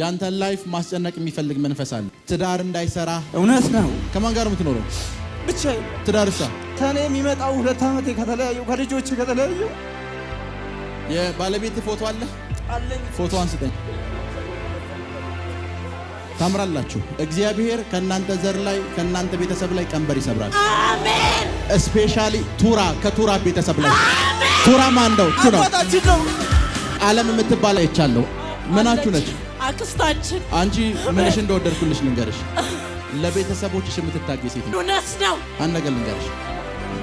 ያንተን ላይፍ ማስጨነቅ የሚፈልግ መንፈስ አለ። ትዳር እንዳይሰራ እውነት ነው። ከማን ጋር የምትኖረው? ብቻ ትዳር ሳ ከኔ የሚመጣው ሁለት ዓመት ከተለያዩ ከልጆች ከተለያዩ የባለቤት ፎቶ አለ አለኝ። ፎቶ አንስጠኝ። ታምራላችሁ። እግዚአብሔር ከእናንተ ዘር ላይ ከእናንተ ቤተሰብ ላይ ቀንበር ይሰብራል። አሜን። ስፔሻሊ ቱራ ከቱራ ቤተሰብ ላይ ቱራ ማንደው ቱራ አለም የምትባል አይቻለሁ። ምናችሁ ነች? አክስታችን አንቺ ምንሽ እንደወደድኩልሽ ልንገርሽ። ለቤተሰቦችሽ የምትታገይ ሴት ነው። እውነት ነው። አንድ ነገር ልንገርሽ፣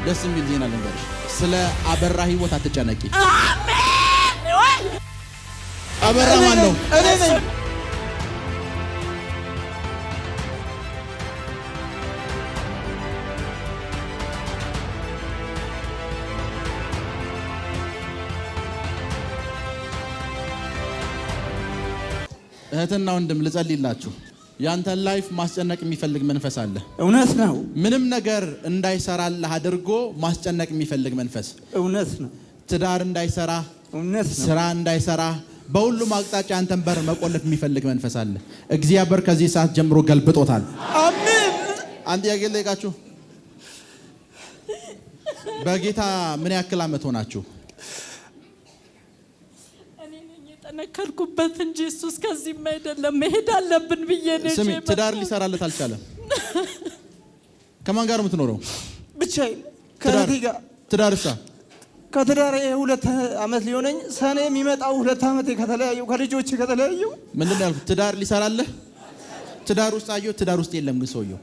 ደስ የሚል ዜና ልንገርሽ። ስለ አበራ ህይወት አትጨነቂ። አሜን። አበራ ማን ነው? እኔ ነኝ። እህትና ወንድም ልጸልይላችሁ። ያንተን ላይፍ ማስጨነቅ የሚፈልግ መንፈስ አለ። እውነት ነው። ምንም ነገር እንዳይሰራልህ አድርጎ ማስጨነቅ የሚፈልግ መንፈስ እውነት ነው። ትዳር እንዳይሰራ፣ እውነት ነው። ስራ እንዳይሰራ፣ በሁሉም አቅጣጫ ያንተን በር መቆለፍ የሚፈልግ መንፈስ አለ። እግዚአብሔር ከዚህ ሰዓት ጀምሮ ገልብጦታል። አሜን። አንድ ጥያቄ በጌታ ምን ያክል አመት ሆናችሁ? ተነከርኩበት እንጂ እሱ እስከዚህም አይደለም። መሄድ አለብን ብዬ ነው። ስሚ ትዳር ሊሰራለት አልቻለም። ከማን ጋር የምትኖረው? ብቻዬን ከእህቴ ጋር። ትዳርሳ? ከትዳር ሁለት አመት ሊሆነኝ ሰኔ የሚመጣው ሁለት አመት ከተለያዩ ከልጆች ከተለያዩ ምንድን ነው ያልኩት? ትዳር ሊሰራለህ ትዳር ውስጥ አየሁ። ትዳር ውስጥ የለም ግን ሰውየው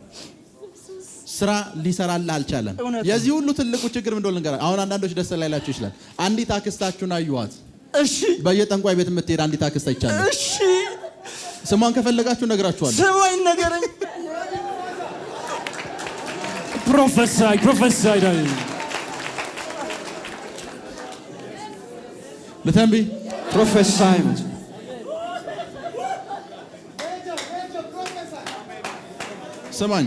ስራ ሊሰራልህ አልቻለም። የዚህ ሁሉ ትልቁ ችግር ምንድን ነው ልንገርህ። አሁን አንዳንዶች ደስ ላይላችሁ ይችላል። አንዲት አክስታችሁን አየኋት እሺ። በየጠንቋይ ቤት የምትሄድ አንዲት አክስት አይቻለሁ። እሺ። ስሟን ከፈለጋችሁ እነግራችኋለሁ። ስሟን ነገረኝ። ፕሮፌሳይ ፕሮፌሳይ ዳዊት ልተንቢ ፕሮፌሳይ ስማኝ፣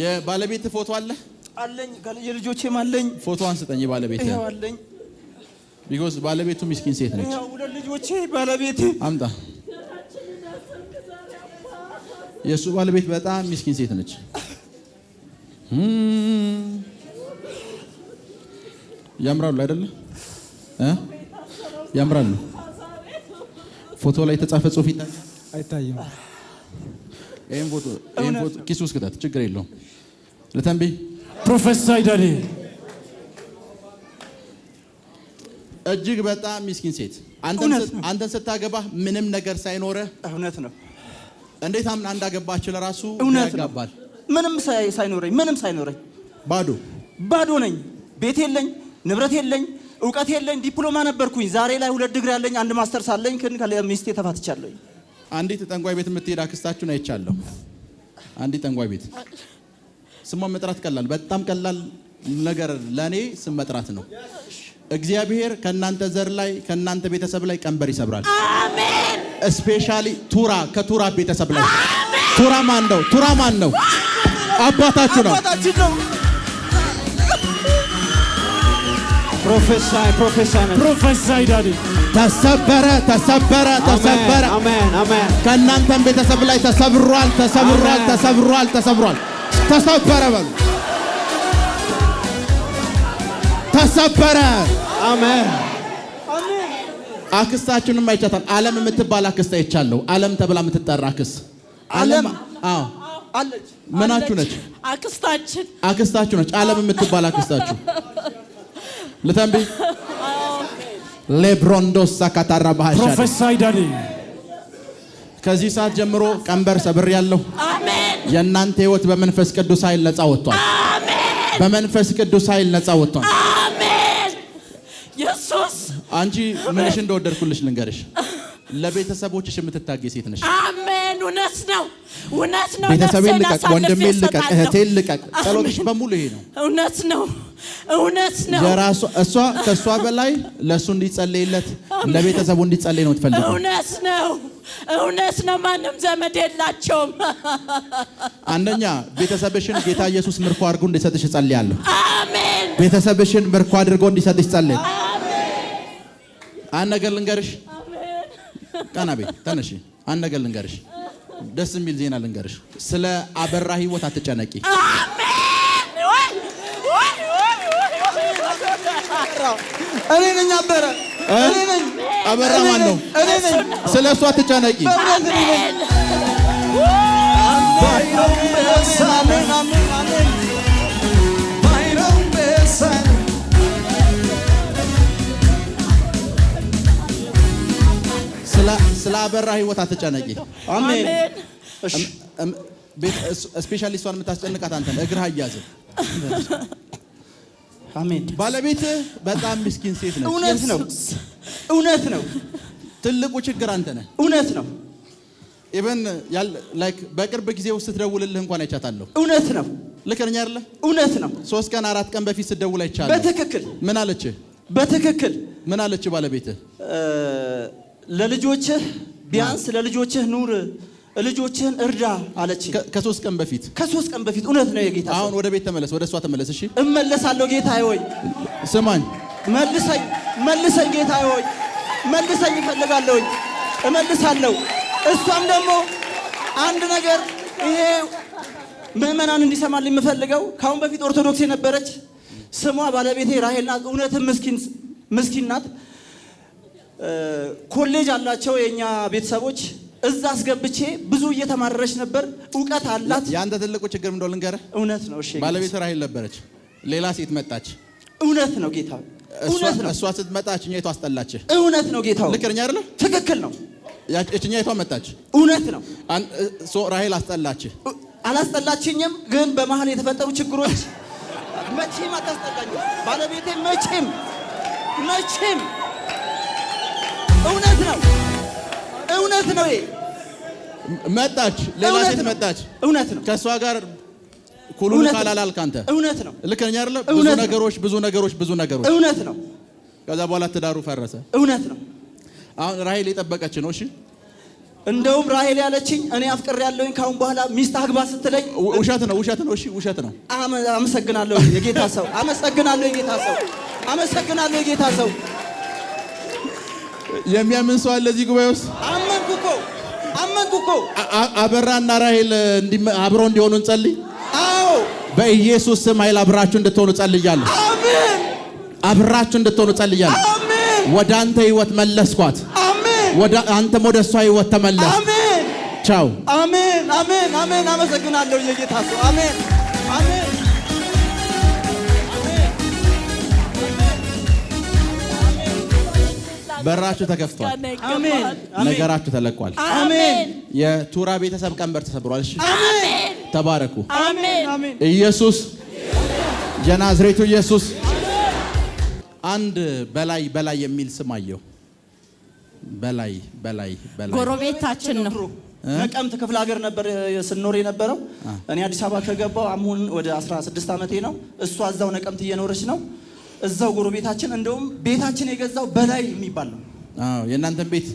የባለቤት ፎቶ አለ አለኝ የልጆቼም አለኝ። ፎቶ አንስጠኝ ባለቤት አለኝ። ቢኮዝ ባለቤቱ ምስኪን ሴት ነች። ሁለት ልጆቼ ባለቤት አምጣ። የእሱ ባለቤት በጣም ምስኪን ሴት ነች። ያምራሉ አይደለ? ያምራሉ። ፎቶ ላይ የተጻፈ ጽሑፍ አይታይም? ይህን ፎቶ ኪሱ ውስጥ ክተት፣ ችግር የለውም። ለተንቤ ፕሮፌሰር አይዳኔ እጅግ በጣም ሚስኪን ሴት አንተን ስታገባ ምንም ነገር ሳይኖረህ እውነት ነው። እንዴት አምን እንዳገባችሁ ለራሱ እውነት ያጋባል። ምንም ሳይኖረኝ ምንም ሳይኖረኝ ባዶ ባዶ ነኝ። ቤት የለኝ፣ ንብረት የለኝ፣ እውቀት የለኝ። ዲፕሎማ ነበርኩኝ። ዛሬ ላይ ሁለት ዲግሪ አለኝ፣ አንድ ማስተርስ አለኝ። ክን ከሚስቴ ተፋትቻለሁ። አንዲት ጠንቋይ ቤት የምትሄድ አክስታችሁን አይቻለሁ። አንዲት ጠንቋይ ቤት ስሟን መጥራት ቀላል፣ በጣም ቀላል ነገር ለእኔ ስም መጥራት ነው። እግዚአብሔር ከእናንተ ዘር ላይ ከእናንተ ቤተሰብ ላይ ቀንበር ይሰብራል። አሜን። ስፔሻሊ ቱራ ከቱራ ቤተሰብ ላይ ቱራ ማን ነው? ቱራ ማን ነው? አባታችሁ ነው። ፕሮፌሳይ ፕሮፌሳይ ፕሮፌሳይ ዳዲ ተሰበረ ተሰበረ ተሰበረ። አሜን አሜን። ከእናንተም ቤተሰብ ላይ ተሰብሯል ተሰብሯል ተሰብሯል ተሰብሯል። ተሰበረ በሉ። ተሰበረ። አሜን። አክስታችሁንም አይቻታል። ዓለም የምትባል አክስት አይቻለሁ። ዓለም ተብላ የምትጠራ አክስት ዓለም። አዎ አለች። ምናችሁ ነች? አክስታችን አክስታችሁ ነች። ዓለም የምትባል አክስታችሁ ልተንቢ ሌብሮንዶስ አካታራ ባህሻ ፕሮፌሰር አይዳኔ ከዚህ ሰዓት ጀምሮ ቀንበር ሰብር ያለው አሜን የእናንተ ህይወት በመንፈስ ቅዱስ ኃይል ነጻ ወጥቷል። በመንፈስ ቅዱስ ኃይል ነጻ ወጥቷል። አሜን። ኢየሱስ አንቺ ምንሽ እንደወደድኩልሽ ልንገርሽ። ለቤተሰቦችሽ የምትታገይ ሴት ነሽ። አሜን። እውነት ነው። እውነት ነው። ቤተሰቤን ልቀቅ፣ ወንድሜን ልቀቅ፣ እህቴን ልቀቅ። ጸሎትሽ በሙሉ ይሄ ነው። እውነት ነው። እውነት ነው። እሷ ከእሷ በላይ ለእሱ እንዲጸለይለት ለቤተሰቡ እንዲጸለይ ነው ትፈልገው። እውነት ነው። እውነት ነው። ማንም ዘመድ የላቸውም። አንደኛ ቤተሰብሽን ጌታ ኢየሱስ ምርኮ አድርጎ እንዲሰጥሽ እጸልያለሁ። አሜን። ቤተሰብሽን ምርኮ አድርጎ እንዲሰጥሽ ጸልይ። አንድ ነገር ልንገርሽ። ቀና ቤት ተነሽ። አንድ ነገር ልንገርሽ ደስ የሚል ዜና ልንገርሽ። ስለ አበራ ህይወት አትጨነቂ። እኔ ነኝ አበረ። አበራ ማን ነው? ስለ እሱ አትጨነቂ። ስላበራ ህይወት አትጨነቂ። አሜን። ስፔሻሊ እሷን የምታስጨንቃት አንተ እግር አያዝ። አሜን። ባለቤት በጣም ምስኪን ሴት ነው። እውነት ነው፣ እውነት ነው። ትልቁ ችግር አንተ ነህ። እውነት ነው። ኢቨን ላይክ በቅርብ ጊዜ ውስጥ ስትደውልልህ እንኳን አይቻታለሁ። እውነት ነው። ልክ ነኝ አይደለ? እውነት ነው። ሶስት ቀን አራት ቀን በፊት ስትደውል አይቻለሁ። በትክክል ምን አለች? በትክክል ምን አለች? ባለቤትህ ለልጆችህ ቢያንስ ለልጆችህ ኑር ልጆችህን እርዳ አለች። ከሶስት ቀን በፊት ከሶስት ቀን በፊት እውነት ነው የጌታ። አሁን ወደ ቤት ተመለስ፣ ወደ እሷ ተመለስ። እሺ እመለሳለሁ ጌታ ሆይ ስማኝ፣ መልሰኝ፣ መልሰኝ ጌታ ሆይ መልሰኝ፣ እፈልጋለሁኝ፣ እመልሳለሁ። እሷም ደግሞ አንድ ነገር ይሄ ምእመናን እንዲሰማል የምፈልገው ከአሁን በፊት ኦርቶዶክስ የነበረች ስሟ ባለቤቴ ራሄል ናት። እውነትም ምስኪን ናት። ኮሌጅ አላቸው የእኛ ቤተሰቦች እዛ አስገብቼ ብዙ እየተማረረች ነበር። እውቀት አላት። የአንተ ትልቁ ችግር እንደው ልንገርህ፣ እውነት ነው። እሺ፣ ባለቤት ራሄል ነበረች፣ ሌላ ሴት መጣች። እውነት ነው ጌታ፣ እውነት ነው። እሷ ስትመጣ እችኛይቷ አስጠላች። እውነት ነው ጌታ፣ ልክ ነኝ አይደለ? ትክክል ነው። እችኛ እችኛይቷ መጣች። እውነት ነው። ራሄል አስጠላች። አላስጠላችኝም፣ ግን በመሀል የተፈጠሩ ችግሮች መቼም አታስጠላኝ ባለቤቴ መቼም መቼም እውነት ነው፣ እውነት ነው። መጣች፣ ሌላ ሴት መጣች። እውነት ነው። ከእሷ ጋር ኩሉን ካላላልክ አንተ እውነት ነው። ልክ ነኝ አይደለ? ብዙ ነገሮች፣ ብዙ ነገሮች፣ ብዙ ነገሮች እውነት ነው። ከዛ በኋላ ትዳሩ ፈረሰ። እውነት ነው። አሁን ራሄል የጠበቀች ነው። እሺ እንደውም ራሄል ያለችኝ እኔ አፍቅር ያለውኝ ካሁን በኋላ ሚስት አግባ ስትለኝ ውሸት ነው፣ ውሸት ነው። እሺ ውሸት ነው። አመሰግናለሁ የጌታ ሰው፣ አመሰግናለሁ የጌታ ሰው፣ አመሰግናለሁ የጌታ ሰው የሚያምን ሰው አለ እዚህ ጉባኤ ውስጥ? አመንኩ እኮ አመንኩ እኮ። አበራና ራሄል አብረው እንዲሆኑ እንጸልይ። አዎ፣ በኢየሱስ ስም ኃይል አብራችሁ እንድትሆኑ ጸልያለሁ። አሜን። አብራችሁ እንድትሆኑ ጸልያለሁ። አሜን። ወደ አንተ ህይወት መለስኳት። አሜን። ወደ አንተም ወደ እሷ ህይወት ተመለስ። አሜን። ቻው። አሜን። አሜን። አሜን። አመሰግናለሁ የጌታ ሰው አሜን። በራችሁ ተከፍቷል። ነገራችሁ ተለቋል። የቱራ ቤተሰብ ቀንበር ተሰብሯል። እሺ ተባረኩ። ኢየሱስ የናዝሬቱ ኢየሱስ። አንድ በላይ በላይ የሚል ስም አየሁ። በላይ በላይ በላይ ጎረቤታችን ነው። ነቀምት ክፍለ ሀገር ነበር ስንኖር የነበረው። እኔ አዲስ አበባ ከገባው አሁን ወደ 16 ዓመቴ ነው። እሷ እዛው ነቀምት እየኖረች ነው። እዛው ጎረቤታችን እንደውም ቤታችን የገዛው በላይ የሚባል ነው። አዎ የእናንተን ቤት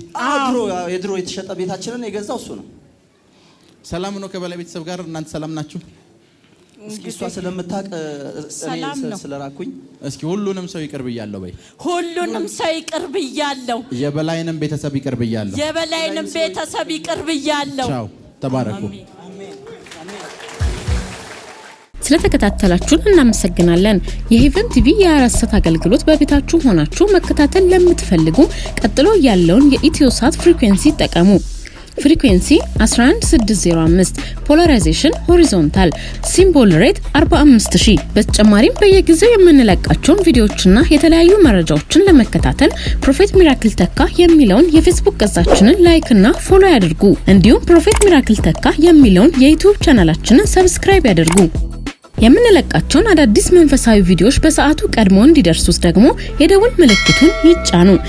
ድሮ የድሮ የተሸጠ ቤታችንን የገዛው እሱ ነው። ሰላም ነው ከበላይ ቤተሰብ ጋር እናንተ ሰላም ናችሁ? እስኪ እሷ ስለምታውቅ እኔ ስለራኩኝ፣ እስኪ ሁሉንም ሰው ይቅር ብያለሁ በይ። ሁሉንም ሰው ይቅር ብያለሁ። የበላይንም ቤተሰብ ይቅር ብያለሁ። የበላይንም ቤተሰብ ይቅር ብያለሁ። ቻው፣ ተባረኩ። ስለተከታተላችሁን እናመሰግናለን። የሄቨን ቲቪ የአራሰት አገልግሎት በቤታችሁ ሆናችሁ መከታተል ለምትፈልጉ ቀጥሎ ያለውን የኢትዮሳት ፍሪኩዌንሲ ይጠቀሙ። ፍሪኩንሲ 11605 ፖላራይዜሽን ሆሪዞንታል ሲምቦል ሬት 45000። በተጨማሪም በየጊዜው የምንለቃቸውን ቪዲዮዎችና የተለያዩ መረጃዎችን ለመከታተል ፕሮፌት ሚራክል ተካ የሚለውን የፌስቡክ ገጻችንን ላይክ እና ፎሎ ያድርጉ። እንዲሁም ፕሮፌት ሚራክል ተካ የሚለውን የዩቲዩብ ቻናላችንን ሰብስክራይብ ያድርጉ። የምንለቃቸውን አዳዲስ መንፈሳዊ ቪዲዮዎች በሰዓቱ ቀድሞ እንዲደርሱት ደግሞ የደውል ምልክቱን ይጫኑ።